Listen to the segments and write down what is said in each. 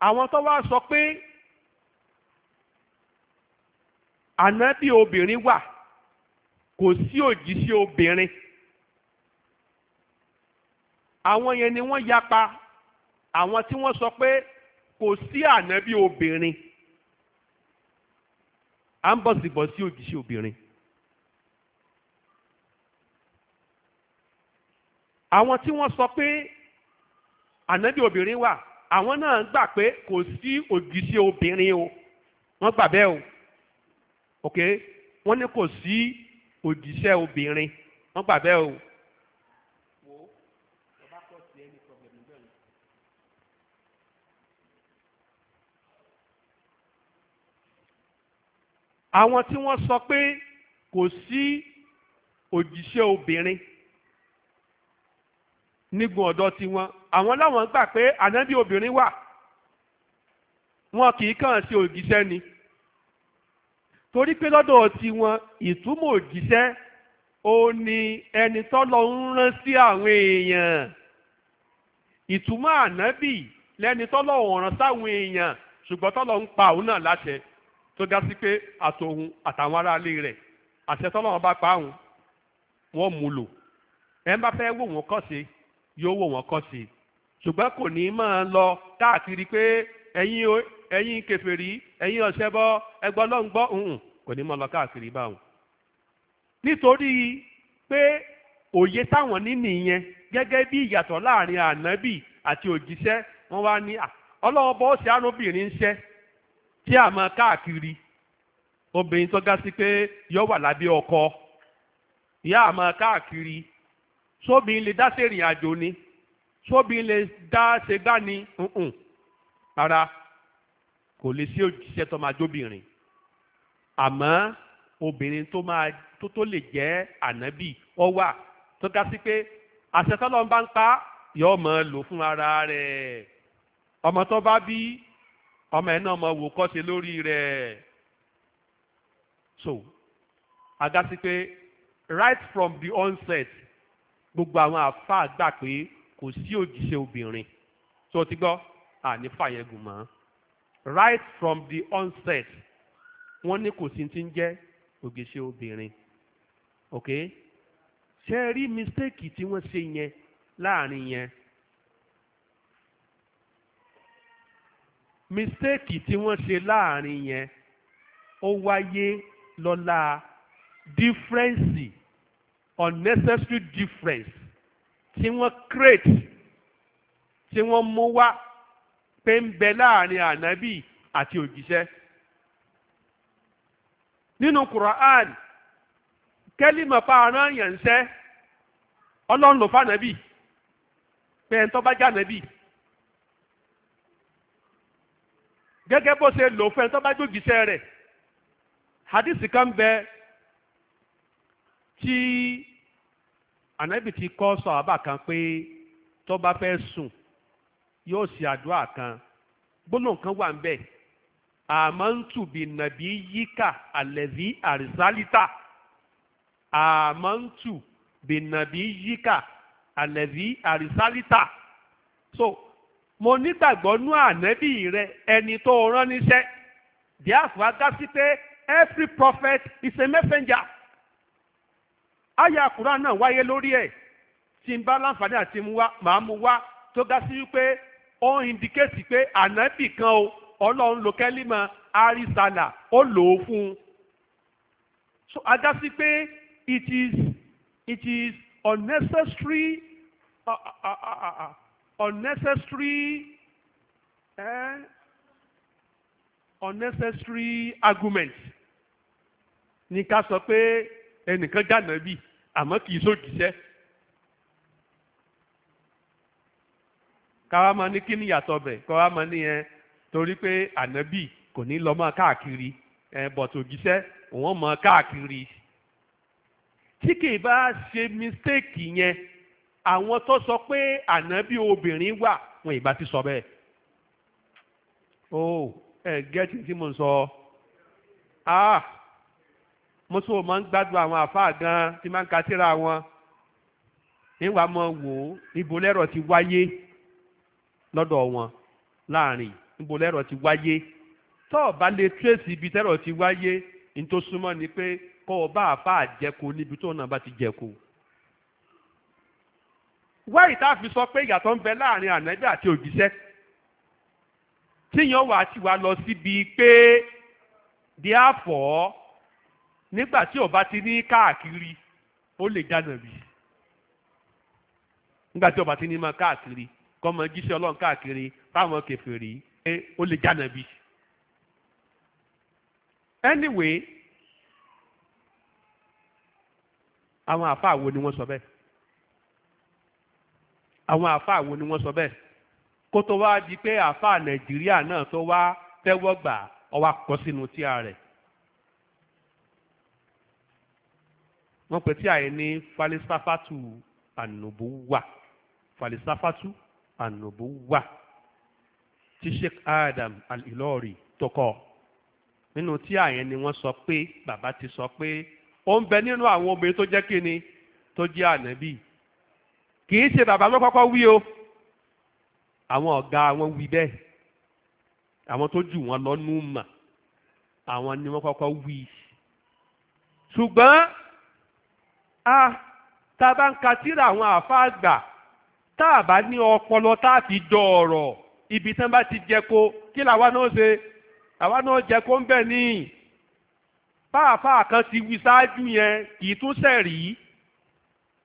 àwọn tó wá sọ pé ànábì obìnrin wà kò sí òjíṣẹ́ obìnrin àwọn yẹn ni wọ́n yapa àwọn tí wọ́n sọ pé kò sí ànábì obìnrin à ń bọ̀sibọ̀ sí òjíṣẹ́ obìnrin. àwọn tí wọ́n sọ pé ànábì obìnrin wà àwọn náà gbà pé kò sí ògìsí obìnrin o wọ́n gbà bẹ́ẹ̀ o ok wọ́n ní kò sí ògìsẹ́ obìnrin wọ́n gbà bẹ́ẹ̀ o. àwọn tí wọ́n sọ pé kò sí ògìsẹ́ obìnrin nígun ọ̀dọ́ tiwọn àwọn láwọn gbà pé ànábì obìnrin wà wọn kì í kàn sí òjíṣẹ́ ni torí pé lọ́dọ̀ tiwọn ìtumọ̀ òjíṣẹ́ ó ní ẹni tọ́lọ ń rán sí àwọn èèyàn ìtumọ̀ ànábì lẹ́ni tọ́lọ ọ̀ràn sáwọn èèyàn ṣùgbọ́n tọ́lọ ń pa òun náà láṣẹ tó ga sí pé àtòhun àtàwọn aráalé rẹ̀ àṣẹ tọ́lọ wọn bá pa àwọn wọn mú lò ẹ bá fẹ́ wò wọ́n kọ́ sí i yóò wò wọ́n kọ́ sí i ṣùgbọ́n kò ní máa lọ káàkiri pé ẹ̀yin ẹ̀yin kèfèrí ẹ̀yin ọ̀ṣẹ́bọ ẹgbọ́n lọ́n gbọ́ hùn kò ní máa lọ káàkiri báwọn. nítorí pé òye táwọn ní nìyẹn gẹ́gẹ́ bí ìyàtọ̀ láàrin ànábì àti òjíṣẹ́ wọ́n wá ní ọlọ́wọ́ bọ́ ṣe arúbìnrin ń ṣẹ́ tí a máa káàkiri obìnrin tó ga sí pé yọ wà lábẹ́ ọkọ ìyá àmọ́ káàkiri sóbìn lè dá sẹ́rìn àjò ni sóbìn lè dá ṣẹgbá ni rárá kò lè sí òjíṣẹ́ tó máa jóbìnrin àmọ́ obìnrin tó máa tó tó lè jẹ́ ànábì ọ wà tó ga sí pé àṣẹ tọ́lọ́run bá ń pa yóò máa lò fún ara rẹ̀ ọmọ tó bá bí ọmọ ẹ̀ náà máa wò kọ́ṣe lórí rẹ̀ so àga sí pé right from the onset gbogbo àwọn àfáà gbà pé kò sí òjíṣẹ́ obìnrin tó ti gbọ́ àní fàyẹ̀gùn mọ́ right from the onset wọ́n ní kò sí ti ń jẹ́ òjíṣẹ́ obìnrin ok ṣe rí mistake tí wọ́n ṣe yẹn láàrin yẹn mistake tí wọ́n ṣe láàrin yẹn ó wáyé lọ́la dífẹ́ǹsì unnecessary difference tí wọ́n create tí wọ́n mú wá pé ń bẹ láàrin ànábì àti òjíṣẹ́. nínú Quran kẹ́límà pààrọ̀ yẹn ṣẹ́ ọlọ́run ló fànàbì pé ẹ̀ńtọ́ bá jànàbì. gẹ́gẹ́ bó ṣe lò fún ẹ̀ńtọ́ bá jógìṣẹ́ rẹ̀ hadith kan bẹ́ẹ̀ tí ànábì ti kọ́ sọ àbá kan pé tó bá fẹ́ sùn yóò ṣe àdúrà kan gbólóhùn kan wà ń bẹ̀ àmọ́ntùbí nàbí yíkà àlẹ́bí àrísálítà àmọ́ntù nàbí yíkà àlẹ́bí àrísálítà so mo nígbàgbọ́ nú ànábì rẹ ẹni tó rán níṣẹ́ díàfù agásí pé every prophet is a messenger àyà Quran náà wáyé lórí ẹ̀ tí n bá láǹfààní àti màá mu wá tó ga sí wípé ó ń indikéètì pé ànábì kan o ọlọ́run lo kẹ́límà àrísàlà ó lò ó fún un. so a ga sí pé it is it is unnecessary uh, uh, uh, uh, unnecessary eh? unnecessary argument ní ká sọ pé ẹnìkan jàǹdà bíi àmọ́ kì í sóògìṣẹ́ káwa máa ní kí ni yàtọ̀ bẹ̀ káwa máa ní yẹn torí pé ànábì kò ní lọ máa káàkiri ẹ̀ bọ̀tò ògìṣẹ́ òun máa káàkiri tí kì í bá ṣe mistake yẹn àwọn tó sọ pé ànábì obìnrin wà wọn ìbá ti sọ bẹ́ẹ̀ o oh, ẹ gẹ́tì tí mo ń sọ ah mo tún máa ń gbádùn àwọn àfáà gan tí máa ń ka síra wọn níwà mọ wò ó níbo lẹ́rọ̀ ti wáyé lọ́dọ̀ wọn láàrin níbo lẹ́rọ̀ ti wáyé tó o bá lè tírèsì ibi tẹ́rọ̀ ti wáyé ní tó súnmọ́ ni pé kó o bá àfáà jẹ́ko níbi tó náà bá ti jẹ́ko wá ìta fi sọ pé ìyàtọ̀ ń bẹ láàrin ànábì àti òjíṣẹ́ tíyan wà á ti wà lọ síbi pé díàfọ́ nígbà tí ò ti ní káàkiri ó lè jáde bí nígbà tí ò bá ti ní mọ káàkiri kọ́mọ jíṣẹ́ ọlọ́run káàkiri fáwọn kèfèrí ó lè jáde bí. anyway àwọn àáfàá wo ni wọ́n sọ bẹ́ẹ̀ àwọn àáfàá wo ni wọ́n sọ bẹ́ẹ̀ kó tó wá di pé àáfàá nàìjíríà náà tó wá tẹ́wọ́ gbà ó wá sínú tíà rẹ̀ wọ́n pè tí àyè ní falisafatu anubuwa falisafatu anubuwa tí Sheikh Adam alilori ilori tó kọ nínú tí àyè ni wọ́n sọ pé bàbá ti sọ pé ó ń bẹ nínú àwọn obìnrin tó jẹ́ kíni tó jẹ́ ànábì kì í ṣe bàbá wọn kọ́kọ́ wí o àwọn ọ̀gá wọn wí bẹ́ẹ̀ àwọn tó jù wọn lọ́nú mà àwọn ni wọ́n kọ́kọ́ wí ṣùgbọ́n a tá a bá ń ka tírà àwọn àáfàá àgbà tá a bá ní ọpọlọ tá a fi dọ ọ̀rọ̀ ibi tán bá ti jẹ ko kí làwa náà ṣe làwa náà jẹ ko ń bẹ̀ níyìn fáàfáà kan ti wí ṣáájú yẹn kì í tún sẹ̀rí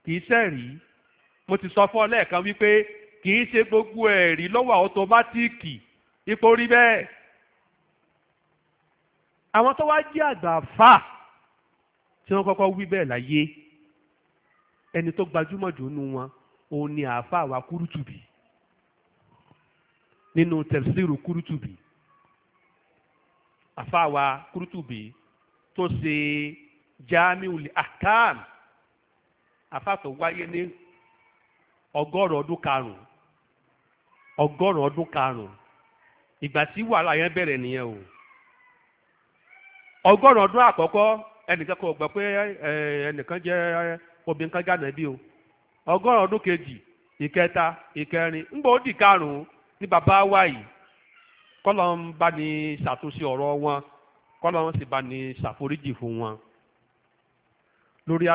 kì í sẹ̀rí mo ti sọ fún ọ lẹ́ẹ̀kan wípé kì í ṣe gbogbo ẹ̀rí lọ́wọ́ ọ̀tọ́mátìkì ipò rí bẹ́ẹ̀ àwọn tó wá jẹ́ àgbà fà tí wọ́n kọ́kọ́ wí bẹ́ẹ̀ láyé ẹni tó gbajúmọ̀ jù nù wọn òun ni àáfàá wa kúrútùbì nínú tẹ̀síìrù kúrútùbì àáfàá wa kúrútùbì tó ṣe jamiul ahkam àáfàá tó wáyé ní ọgọ́rùn ọdún karùn ọgọ́rùn ọdún karùn ìgbà tí wàhálà yẹn bẹ̀rẹ̀ nìyẹn o ọgọ́rùn ọdún àkọ́kọ́ ẹnìkan kò gbọ́ pé ẹnìkan jẹ́ obìnrin nka gánà bí o ọgọ́rùn ọdụ kejì ìkẹta ìkẹrin ńgbà ó ní bàbá wa yìí bá ní ṣàtúnṣe Kọlọm wọn bani sì bá ní ṣàforíjì fún wọn lórí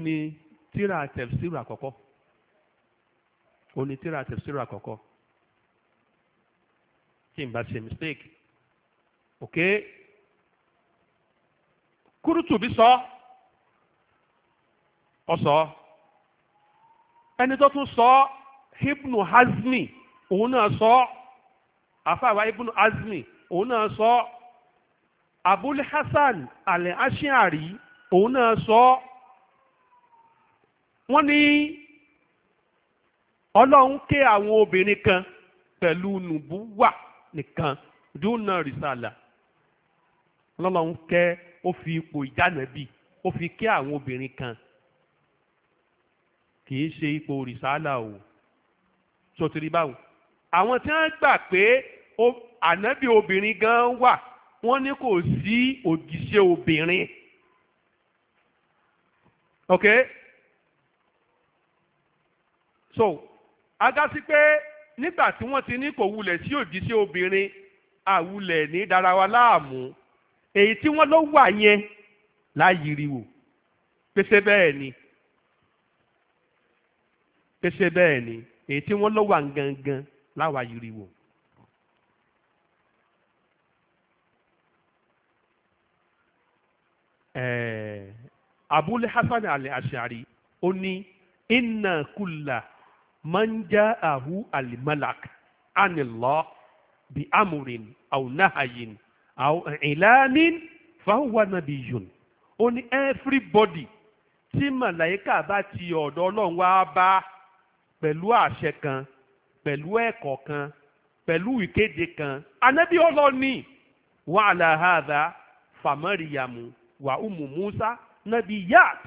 ni tira tíra tẹ̀síìrù n mistake okay kúrútùbí sọ ọ sọ ẹni tó tún sọ ibnu hazmi òun náà sọ àfàwà ibnu hazmi òun náà sọ abul hasan alẹ aṣíàrí òun náà sọ wọ́n ní ọlọ́run ké àwọn obìnrin kan pẹ̀lú nùbúwà nìkan dúnà rìsàlà ọlọ́run kẹ́ ó fi ipò ìjànàbí ó fi kí àwọn obìnrin kan kì í ṣe ipò òrìṣàlà o sotiri báwọn àwọn tí wọ́n gbà pé ànábì obìnrin gan wà wọ́n ní kò sí òjíṣẹ́ obìnrin ok so agasi pé nígbà tí wọ́n ti ní kò wulẹ̀ sí òjíṣẹ́ obìnrin àwulẹ̀ ní darawa láàmú èyí tí wọ́n ló wà yẹn láyìíriwò pèsè bẹ́ẹ̀ ni pèsè bẹ́ẹ̀ ni èyí tí wọ́n ló wà gangan láwàyíriwò. Eh, abul hasan al-ashari ó ní inna kulla man ja'ahu al-malak anillah bi amrin aw àwọn ìlànà fáwọn nàbí yòn ó ní everybody tí màláìka bá ti ọ̀dọ̀ ọlọ́run wá bá pẹ̀lú àṣẹ kan pẹ̀lú ẹ̀kọ́ kan pẹ̀lú ìkéde kan anábì ọlọ́ni wà láhàdá fàmọ́ríyàmù wà umu musa nàbí yat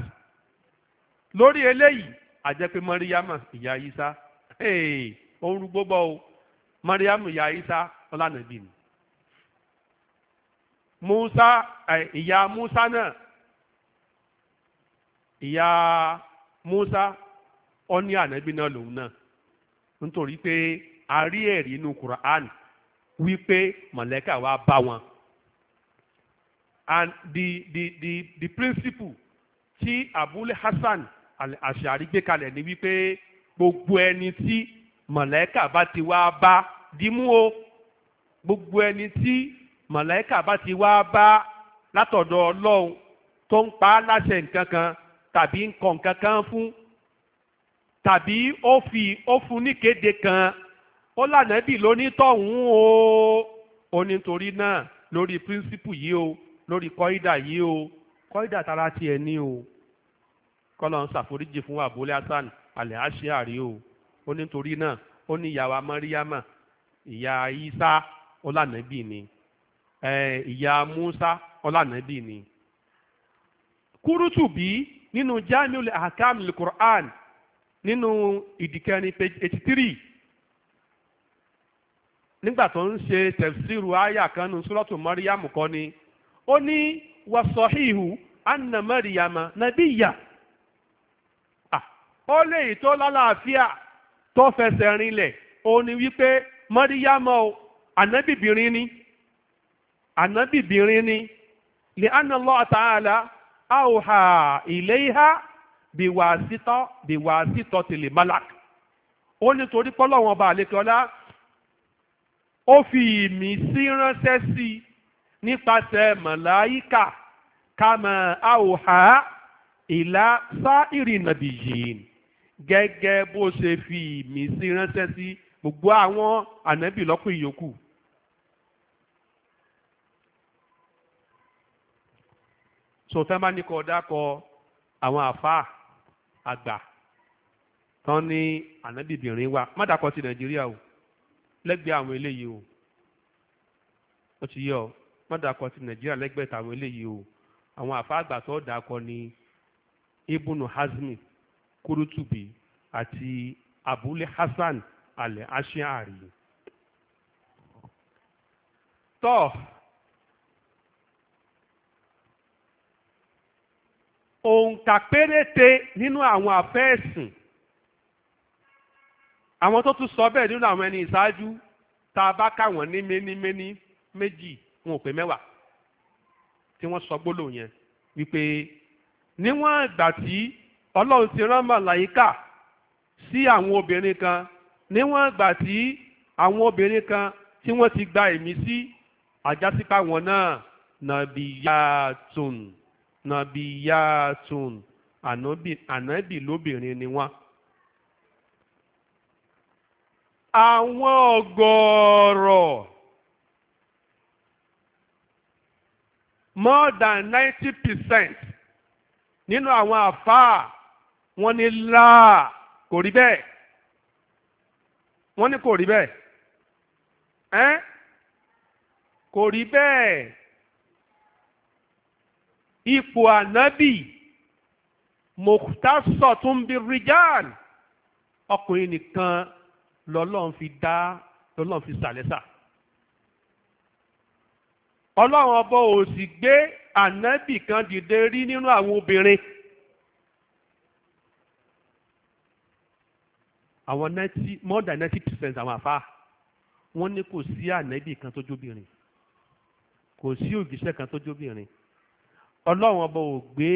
lórí eléyìí àjẹpé mọ́ríyàmù ìyá yìí sá ó ń rú gbogbo o mọ́ríyàmù ìyá yìí sá ọlànà bíi Musa eh, ìyá Musa náà ìyá Musa ó ní ànábì náà lòun náà nítorí pé a rí ẹ̀rí inú Quran wípé mọ̀lẹ́kà wá bá wọn and the the the the principle tí Abul Hasan àṣàrí gbé kalẹ̀ ni wípé gbogbo ẹni tí mọ̀lẹ́kà bá ti wá bá dímú o gbogbo ẹni tí màláìkà bá ti wá bá látọ̀dọ̀ ọlọ́run tó ń pa á láṣẹ nǹkan kan tàbí ń nǹkan kan fún tàbí ó fi ó fún níkéde kan ó lànàbì lónítọ̀hún o ó nítorí náà lórí píríncípù yìí o lórí kọ́ídà yìí o kọ́ídà tara tiẹ̀ ní o kọ́lọ̀ ń ṣàforíjì fún abúlé hasan alẹ́ àṣìárì o ó nítorí náà ó ní ìyàwó amáríyámà ìyá isa ó lànàbì ni ìyá Musa ọlànàbì ni kúrútùbí nínú jamiul ahkam al-Qur'an nínú ìdìkẹrin page eighty three nígbà tó ń ṣe tẹ̀síru àyà kan nínú suratu Maryam kọ́ ni ó ní wasahihu anna Maryama nabiyya ah, ó lè tó lálàáfíà tó fẹsẹ̀ rinlẹ̀ ó ní wípé Maryama o ànábìbìrin ni ànábìbìnrin ni lè ánà Allah ta'ala àwòhà ilayha bìwàsítọ́ bìwàsítọ́ tìlè malak ó ní torí pọ́lọ́wọ́n bá àlekọ́lá ó fi ìmísí ránṣẹ́ sí i nípasẹ̀ màláíkà kàmà àwòhà ìlà sáírì nàbìyìn gẹ́gẹ́ bó ṣe fi ìmísí ránṣẹ́ sí gbogbo àwọn ànábì lọ́kùn ìyókù. so tẹ́ bá ní kọ́ dákọ̀ àwọn àfáà àgbà tán ní ànábìbìnrin wa má dákọ̀ ti nàìjíríà o lẹ́gbẹ̀ẹ́ àwọn eléyìí o ó ti yọ má dákọ̀ ti nàìjíríà lẹ́gbẹ̀ẹ́ tàwọn eléyìí o àwọn àfáà àgbà tó dákọ̀ ní ibùnú hazmi kúrútùbí àti abúlé hasan alẹ́ aṣíárì tọ́ọ̀. òǹkà péréte nínú àwọn àfẹ́ẹ̀sìn àwọn tó tún sọ bẹ́ẹ̀ nínú àwọn ẹni ìṣáájú tá a bá kà wọ́n ní méníméní méjì wọn ò pé mẹ́wàá tí wọ́n sọ gbólóhùn yẹn wípé níwọ̀n ìgbà tí ọlọ́run ti rán màláyíkà sí àwọn obìnrin kan níwọ̀n ìgbà tí àwọn obìnrin kan tí wọ́n ti gba ẹ̀mí àjásípà wọn náà nàbìyàtùn nàbíyàtún ànábì lóbìnrin ni wọ́n. àwọn ọ̀gọ̀ọ̀rọ̀ more than ninety percent nínú àwọn àfáà wọ́n ní láà kò rí bẹ́ẹ̀ wọ́n ní kò rí bẹ́ẹ̀ ẹ́ kò rí bẹ́ẹ̀ ipò ànábì mọ̀tàsọ̀ tó ń bi rijal ọkùnrin nìkan lọ́lọ́run fi dá lọ́lọ́run fi sàlẹ́sà ọlọ́run ọba ò sì gbé ànábì kan dìde rí nínú àwọn obìnrin. àwọn ninety more than ninety percent àwọn àfa wọ́n ní kò sí ànábì kan tó jóbìnrin kò sí òjíṣẹ́ kan tó jóbìnrin ọlọ́run ọba ò gbé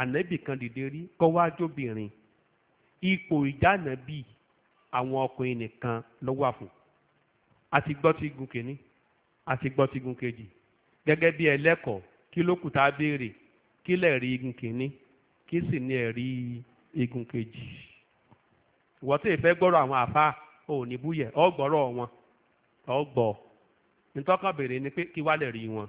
ànábì kan dìde rí kọ́ wá jóbìnrin ipò ìjànàbì àwọn ọkùnrin nìkan ló wà àti gbọ́ ti gun kìíní àti gbọ́ ti gun kejì gẹ́gẹ́ bí ẹlẹ́kọ̀ọ́ kí ló kù a béèrè kí lẹ̀ rí igun kìíní kí sì ní ẹ̀rí igun kejì ìwọ́n tí ìfẹ́ gbọ́rọ̀ àwọn àfa ò ní búyẹ̀ ọ́ gbọ́rọ̀ wọn ọ́ gbọ́ nítọ́kàn béèrè ni pé kí wá lẹ̀ rí wọn.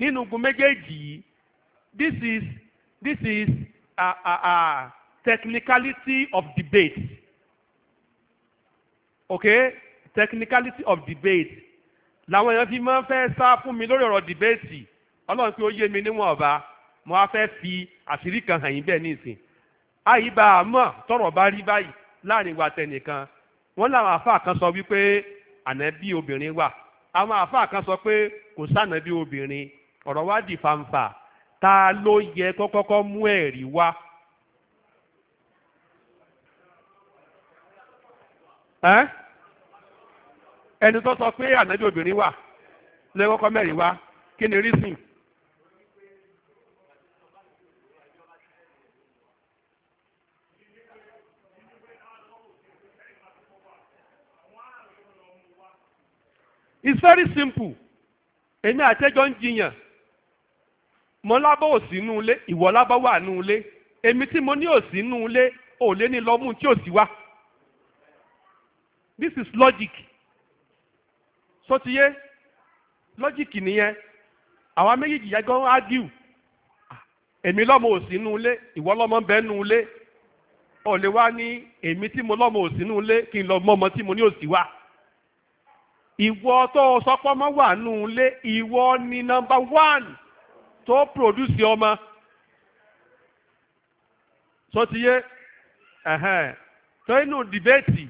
nínú igun méjèèjì yìí this is this is a a a technicality of debate okay technicality of debate làwọn èèyàn fi máa ń fẹ́ sá fún mi lórí ọ̀rọ̀ debate ọlọ́run pé ó yé mi níwọ̀n ọba mo á fẹ́ fi àṣírí kan hàn yín bẹ́ẹ̀ nísìn àyíbá àmọ́ tọrọ bá rí báyìí láàrin wa tẹnìkan wọ́n làwọn àfáà kan sọ wípé ànábì obìnrin wà àwọn àfáà kan sọ pé kò sànábì obìnrin ọ̀rọ̀ wá di fàǹfà ta ló yẹ kó mú ẹ̀rí wá. ẹni tó sọ pé ànábì obìnrin wà lè kọ́kọ́ mẹ́rin wá kí ni rísìn. It's very simple èmi àtẹ́jọ́ ń jiyàn mo lábọ̀ òsì nù ilé ìwọ lábọ̀ wà nù ilé èmi tí mo ní òsì nù ilé ò lé ní lọ́mú tí wá this is logic sotiye logic nìyẹn àwọn méjèèjì yẹn gan argue èmi lọ́mọ òsì nù ilé ìwọ lọ́mọ bẹ́ẹ̀ nù ilé ò lè wá ní èmi tí mo lọ́mọ òsì nù ilé kí n ọmọ tí mo ní òsì wá ìwọ tó sọpọ́ mọ́ wà nù ilé ìwọ ni number one. tó produce ọmọ tó ti inú dìbẹ́tì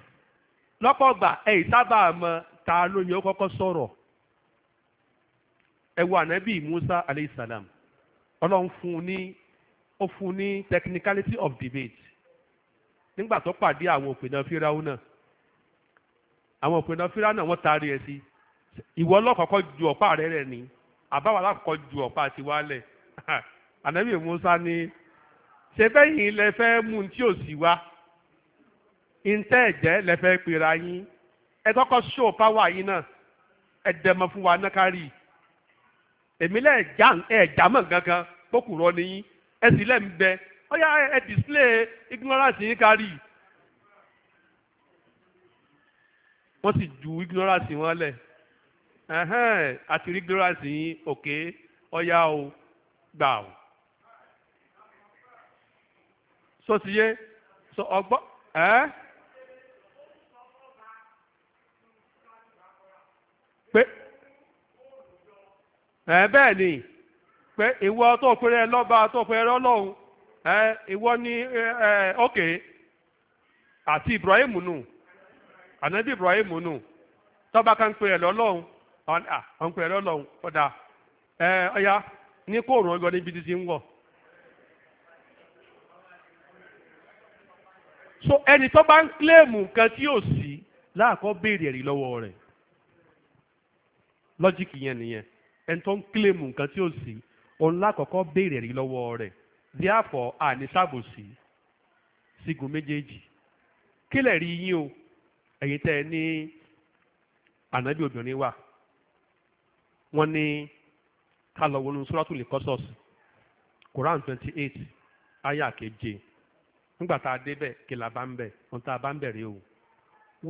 lọ́pọ̀ gbà sábà mọ ta ló yẹ kọ́kọ́ sọ̀rọ̀ ẹ ànábì Musa aleyhisselam ọlọ́run fún un ní ó fún un ní technicality of debate nígbà tó pàdé àwọn òpinna fíráwó náà àwọn òpinna fíráwó náà wọ́n taari ẹ̀ sí ìwọ ni. àbáwọ̀ alákọ̀ọ́ ju ọ̀pá àti wálẹ̀ ànábì Musa ní ṣe bẹ́yìn lẹ fẹ́ mú tí ò sí wá ntẹ́ ẹ̀jẹ̀ lẹ fẹ́ pera yín ẹ kọ́kọ́ ṣó páwà yín náà ẹ dẹ̀mọ́ fún wa náà kárì èmi lẹ́ ẹ̀já mọ̀ gangan kókùrọ̀ ni yín ẹ sì lẹ́ ń bẹ ó yá ẹ display ignorance yín kárì wọ́n sì ju ignorance wọn lẹ̀ ẹ̀hẹ́n àti rí glorasi yín òkè ọ̀yá o gbà o. sọ ọgbọ yé so ọgbọ ẹ́ pé ẹ bẹ́ẹ̀ ni pé ìwọ tó péré lọ́ba tó péré ọlọ́run ẹ ìwọ ni ẹ òkè àti Ibrahim nù ànábì Ibrahim nù tọ́ba lọ́lọ́run. ọya ẹ̀rọ lọ́hùn ọ̀dà ní níbi títí ń wọ̀. so ẹni tó bá ń kílèmù nǹkan tí yóò sí láàkọ́ béèrè ẹ̀rí lọ́wọ́ rẹ̀ lọ́jíìkì yẹn nìyẹn ẹni tó ń kílèmù nǹkan tí yóò sí òun béèrè ẹ̀rí lọ́wọ́ o ẹ̀yin tẹ́ ẹ ní wọ́n ní ká lọ wọnú suratul Qasas Quran twenty eight aya keje nígbà tá a débẹ̀ kí bá ń bẹ̀ ohun tá a bá ń bẹ̀rẹ̀ o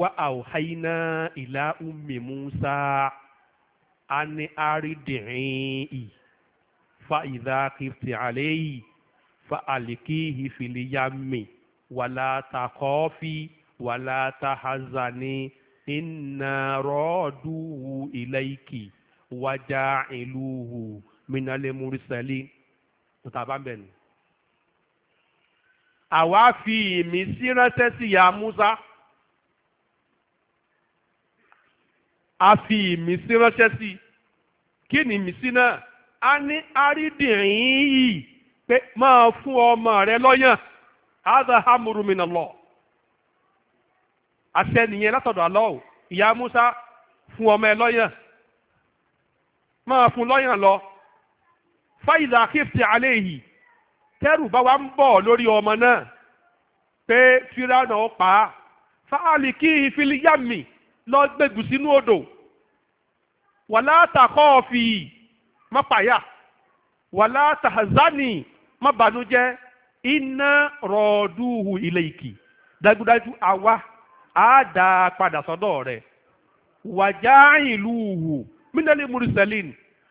wa awhayna ila ummi Musa ani aridi'i fa idha kifti alayhi fa alikihi fil yammi wala takhafi wala hazani inna raduhu ilayki wájà ìlúhu minale murisali tuta bá ń àwa fi ìmísí ránṣẹ́ sí ya Musa a fi ìmísí ránṣẹ́ sí kí ni ìmísí náà a ní àrídìrín yìí pé máa fún ọmọ rẹ lọ́yàn hadha amru min Allah àṣẹ nìyẹn látọ̀dọ̀ Allah ìyá Musa fún ọmọ ẹ lọ́yàn máa fún lọ́yàn lọ fáìlà kíftì àléhì tẹ́rù bá wa ń bọ̀ lórí ọmọ náà pé fíráànà ó pa á fáàlì kí ìfìlíyàmì lọ gbẹ̀gù sínú odò wàlá tàkọ́ọ̀fì má pàyà wàlá tàhazánì má bànújẹ́ iná rọ̀ọ́dúhù ilẹ̀ ìkì dájúdájú àwa á padà sọ́dọ̀ rẹ̀ wàjá ìlú hù mínálì mùrùsẹ̀lìn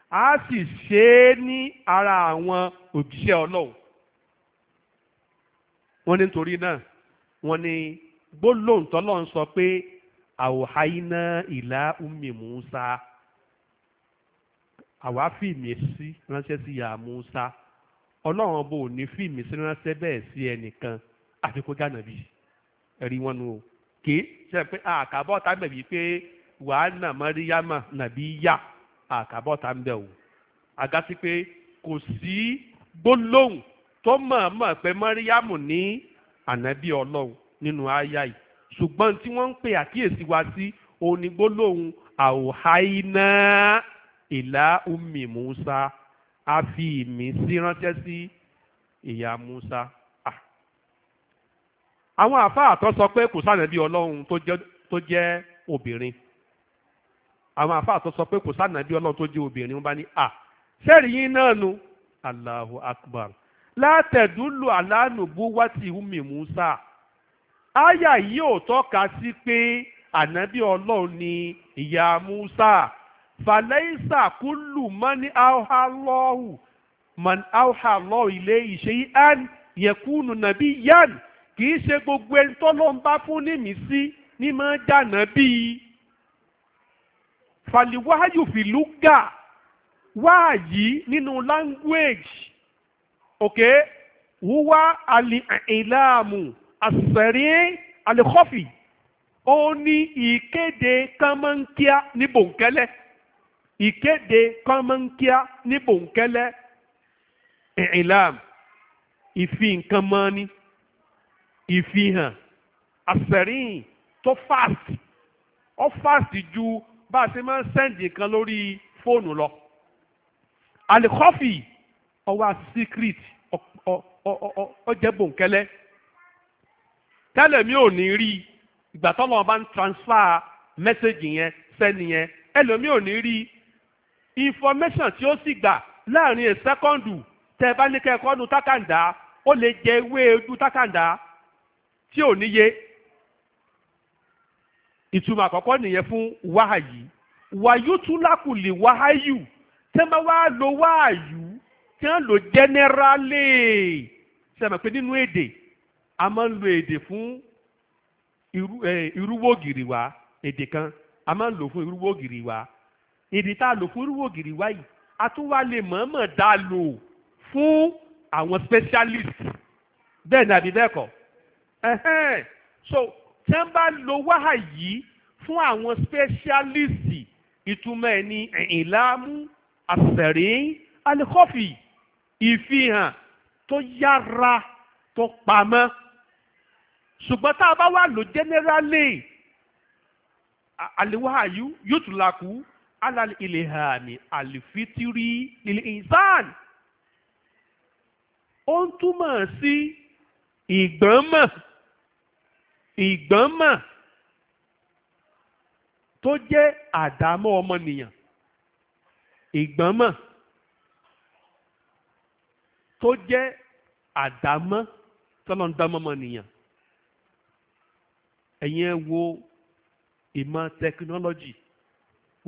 a sì ṣe é ní ara àwọn òjíṣẹ́ ọlọ́run wọ́n ní nítorí náà wọ́n ní gbólóhùn tọ́lọ́ ń sọ pé àwòháyiná ìlà umi musa àwa fìmí sí ránṣẹ́ sí ya musa ọlọ́run bò ní fìmí sí ránṣẹ́ bẹ́ẹ̀ sí ẹnìkan àfikún gánàbí ẹ̀rí wọn nu o ṣe pé àkàbọ̀ tábẹ̀ bíi pé wàhánà mọ́ríyámà nàbí yá àkàbọ̀tà ń bẹ̀ o àgásí pé kò sí gbólóhùn tó mọ̀ọ́mọ̀ pé mọ́ríyámù ní ànábì ọlọ́run nínú àyà yìí ṣùgbọ́n tí wọ́n ń pè àkíyèsí wa sí òun ni gbólóhùn àwòháíná ìlà ummi musa a fi ìmí sí ránṣẹ́ sí ìyá musa. àwọn àfáà tó sọ pé kò sànàbí ọlọ́run tó jẹ́ obìnrin àwọn àfa àtọ́ sọ pé kò sáà nàbí ọlọ́run tó jẹ́ obìnrin wọn bá ní à sẹ́ẹ̀rì yín náà nu Allahu Akbar látẹ̀dúlù alánùbú wá ti Ummi Musa áyà yìí ò tọ́ka sí pé ànábì ọlọ́run ni ìyá Musa fàlẹ́yìísà kúlù mọ́ni áhàlọ́hù mọ́ni áhàlọ́hù ilé ìṣe án yẹ̀kúnù nàbí yan kì í ṣe gbogbo ẹni tọ́lọ́run bá fún ní mí sí ní máa jà nàbí fàlìwáyù fìlúgà wáàyí nínú language ok wúwá àlì ìlàmù àṣẹrí àlìkọ́fì ó ní ìkéde kánmọ́nkíá ní bòńkẹ́lẹ́ ìkéde kánmọ́nkíá ní bòńkẹ́lẹ́ ìlàmù ìfi nǹkan mọ́ ni ìfihàn àṣẹrí tó fast ó fast ju bá a ṣe máa ń sẹ́ǹdì kan lórí fóònù lọ alikọ́fì ọwọ́ secret ọjẹ́ bòńkẹ́lẹ́ tẹ́lẹ̀ mi ò ní rí ìgbà tọ́lọ́ bá ń transfer mẹ́sẹ̀gì yẹn sẹ́ni yẹn ẹlòmí ò ní rí information tí ó sì gbà láàrin ìsẹ́kọ́ndù tẹ́ bá ní kẹ́kọ́nù tákàndá ó lè jẹ ewé ojú tákàndá tí ò níye ìtumọ̀ àkọ́kọ́ nìyẹn fún wáhàyí wàyú tún lákùlì wáhàyù tẹ́ máa wá lo wáhàyù tí wọ́n lò jẹ́nẹ́rálì sẹ́mi pé nínú èdè a máa ń lo èdè fún irúwó ògiri wa èdè kan a máa ń lò fún irúwó ògiri wa èdè tá a lò fún irúwó ògiri wa yìí a tún wá lè mọ̀ọ́mọ̀ dá a lò fún àwọn specialist bẹ́ẹ̀ ni àbí bẹ́ẹ̀ kọ́ so tí wọ́n bá lo wáhà yìí fún àwọn spẹ́ṣíálìsì ìtumọ̀ ẹ̀ ní ìlàmú àfẹ̀rí alikọ́fì ìfihàn tó yára tó pamọ́ ṣùgbọ́n tá a bá wà lò jẹ́nẹ́rálì àlewáhàyú yóò alali ilehami alifitiri lili insan ó ń túmọ̀ sí ìgbọ́nmọ̀. ìgbọ́nmà tó jẹ́ àdámọ́ ọmọnìyàn ìgbọ́nmà tó jẹ́ àdámọ́ tọ́lọ́ndámọ́ ọmọnìyàn ẹ̀yẹn wo ìmọ̀ tẹkinọ́lọ́jì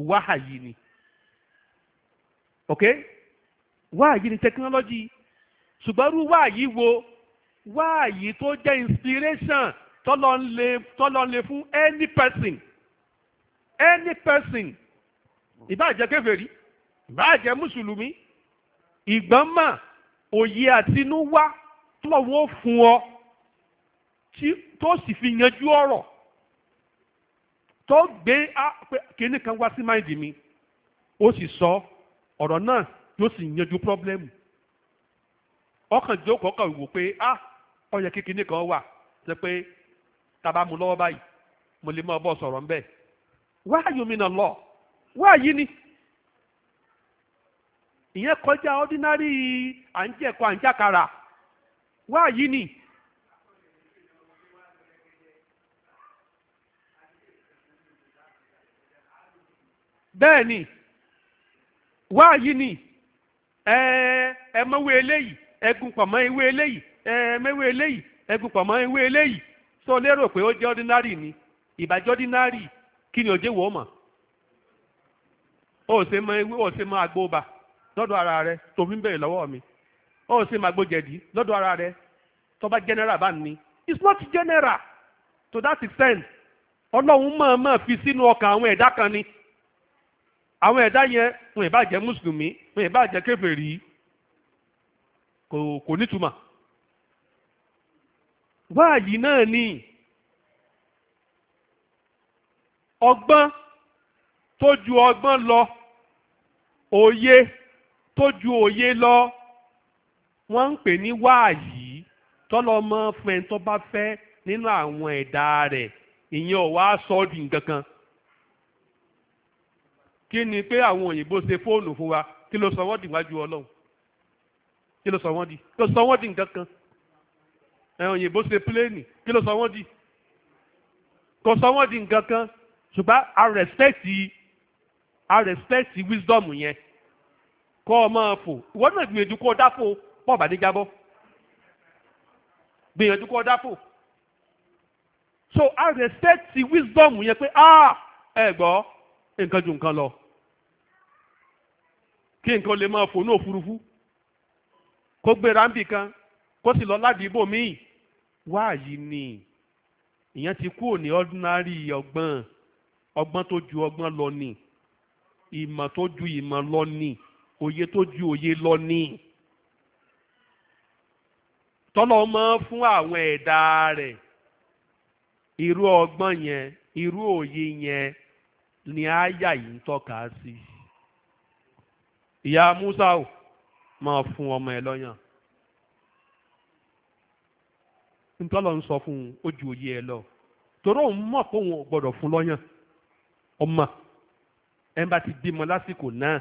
wáhàyí ni ok wáhàyí ni tẹkinọ́lọ́jì ṣùgbọ́n irú wáhàyí wo wáhàyí tó jẹ́ inspiration. tọ́lọ́ ń le tọ́lọ́ ń le fún any person any person ìbáà jẹ́ kèfèrí ìbáà jẹ́ mùsùlùmí ìgbọ́n mà òye àtinúwá tọ́lọ́wọ́ fún ọ tó sì fi yanjú ọ̀rọ̀ tó gbé kíní kan wá sí máìdì mi ó sì sọ ọ̀rọ̀ náà yóò sì yanjú pọ́blẹ́mù ọkàn jókòó kan wò pé ah ó yẹ kí kíní kan wà ṣe pé tàbá mu lọ́wọ́ báyìí mo lè máa bọ́ sọ̀rọ̀ ńbẹ́ wáyù mi nà lọ kọja ni ìyẹn kọjá ordinary àǹjẹ̀kọ àǹjàkàrà wáyì ni. bẹ́ẹ̀ ni wáyì ni ẹ eléyìí ẹgùn ewé eléyìí ẹ eléyìí tó lérò pé ó jẹ́ ordinary ni ìbàjẹ́ ordinary kí ni òjé wò ó mọ̀ ó ṣe mọ ewé ó ṣe mọ àgbo lọ́dọ̀ ara rẹ tó fi ń bèrè lọ́wọ́ mi ó ṣe mọ àgbo lọ́dọ̀ ara rẹ tó bá general bá ní it's not general to that extent ọlọ́run mọ̀ọ́mọ̀ fi sínú ọkàn àwọn ẹ̀dá kan ni àwọn ẹ̀dá yẹn wọn ì bá jẹ́ mùsùlùmí wọn ì bá jẹ́ kò kò nítumọ̀. wáàyí náà ni ọgbọ́n tó ju ọgbọ́n lọ òye tó ju òye lọ wọ́n ń pè ní wáàyí tọ́lọ́mọ fún tó bá fẹ́ nínú àwọn ẹ̀dá rẹ̀ ìyẹn ò wá sọ ọ́ di kan kí ni pé àwọn òyìnbó ṣe fóònù fún wa kí ló sọ wọ́n di ọlọ́run kí ló sọ wọ́n di kí ló sọ wọ́n di kan ẹ̀hún òyìnbó ṣe pílẹ́ẹ̀nì kí ló sọ wọ́n di kò sọ wọ́n di nǹkan kan ṣùgbọ́n a respect a respect wisdom yẹn kọ́ ọ máa fò ìwọ náà gbìyànjú kó o dáfò pọ̀ bàdé jábọ́ gbìyànjú kó o dáfò so a respect wisdom yẹn pé ah ẹ gbọ́ nǹkan ju nǹkan lọ kí nǹkan lè máa fò ní òfurufú kó gbéra ń bì kan kó sì lọ ládìíbò míì wáàyí ni ìyẹn ti kúrò ní ordinary ọgbọ́n ọgbọ́n tó ju ọgbọ́n lọ ni ìmọ̀ tó ju ìmọ̀ lọ ni òye tó ju òye lọ ni tọ́lọ́ máa fún àwọn ẹ̀dá rẹ̀ irú ọgbọ́n yẹn irú òye yẹn ni àyà yìí ń tọ́ka sí ìyá Musa ò máa fún ọmọ ẹ lọ́yàn ntọ́lọ̀ ń sọ fún un ó ju òye ẹ lọ torí òun mọ̀ pé òun ò gbọ́dọ̀ fún lọ́yàn ọmọ ẹ bá ti bímọ lásìkò náà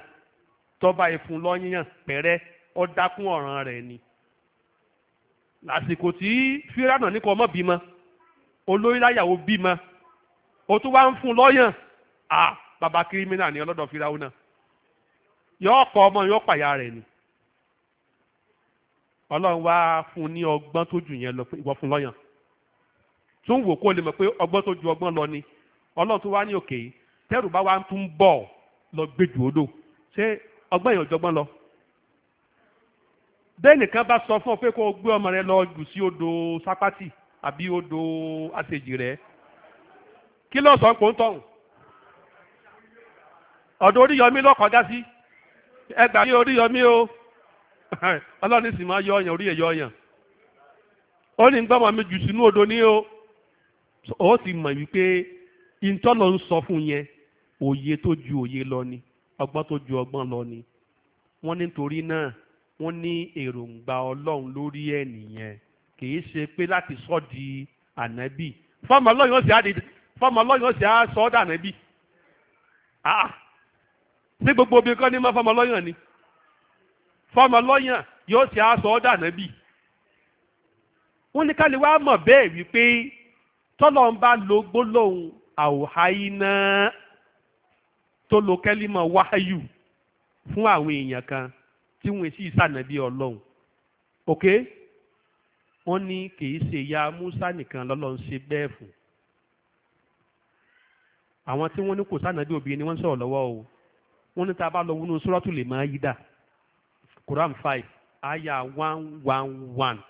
tọ́ba ìfun lọ́yàn pẹ̀rẹ́ ó dákún ọ̀ràn rẹ̀ ni lásìkò tí fíranà ní kò ọmọ bímọ olórí láyàwó bímọ o tún wá ń fún lọ́yàn à bàbá kírímínà ní ọlọ́dọ̀ fíráwó náà yọ ọkọ ọmọ yọ pàyà rẹ̀ ni ọlọ́run wá fún ní ọgbọ́n tó jù yẹn lọ ìwọ fún lọ́yàn tó ń wò kó lè mọ̀ pé ọgbọ́n tó ju ọgbọ́n lọ ni ọlọ́run tó wá ní òkè yìí tẹ́rù bá wá ń tún bọ̀ lọ gbẹ̀jù odò ṣé ọgbọ́n yẹn ò jọgbọ́n lọ. bẹ́ẹ̀ nìkan bá sọ fún ọ pé kó o gbé ọmọ rẹ lọ jù sí odò sápátì àbí odò àṣejì rẹ kí ló sọ pé ó ń tọ̀hún ọ̀dọ̀ oríyọmí lọ́kọ̀ọ́dá sí ẹgbàá o ọlọ́run sì máa yọ ọyàn orí ẹ̀ yọ ọyàn ó ní gbọ́mọ mi jù sínú odò ní o ó sì mọ̀ wípé ìtọ́lọ ń sọ fún yẹn òye tó ju òye lọ ni ọgbọ́n tó ju ọgbọ́n lọ ni wọ́n nítorí náà wọ́n ní èròǹgbà ọlọ́run lórí ẹ̀ nìyẹn kì ṣe pé láti sọ di ànábì fọmọ ọlọ́run ó sì á sọ ọ́ dànábì ah! ṣé gbogbo obìnrin kan ní máa fọmọ ọlọ́run ni fọmọ lọ́yàn yóò sì aṣọ ọ́ dànábì wọ́n ní ká lè wá mọ̀ bẹ́ẹ̀ wípé tọ́lọ̀ ń bá lo gbólóhùn àwòháyí náà tó lo kẹ́límọ̀ wáyù fún àwọn èèyàn kan tí wọ́n sì sànàbí ọlọ́run ok wọ́n ní kìí ṣe ya Musa nìkan lọ́lọ́run ṣe bẹ́ẹ̀ fún àwọn tí wọ́n ní kò sànàbí obìnrin ni wọ́n ń sọ̀rọ̀ lọ́wọ́ o wọ́n ní tá a bá lọ wọnú Suratul Maida. Quran five ayah one one one.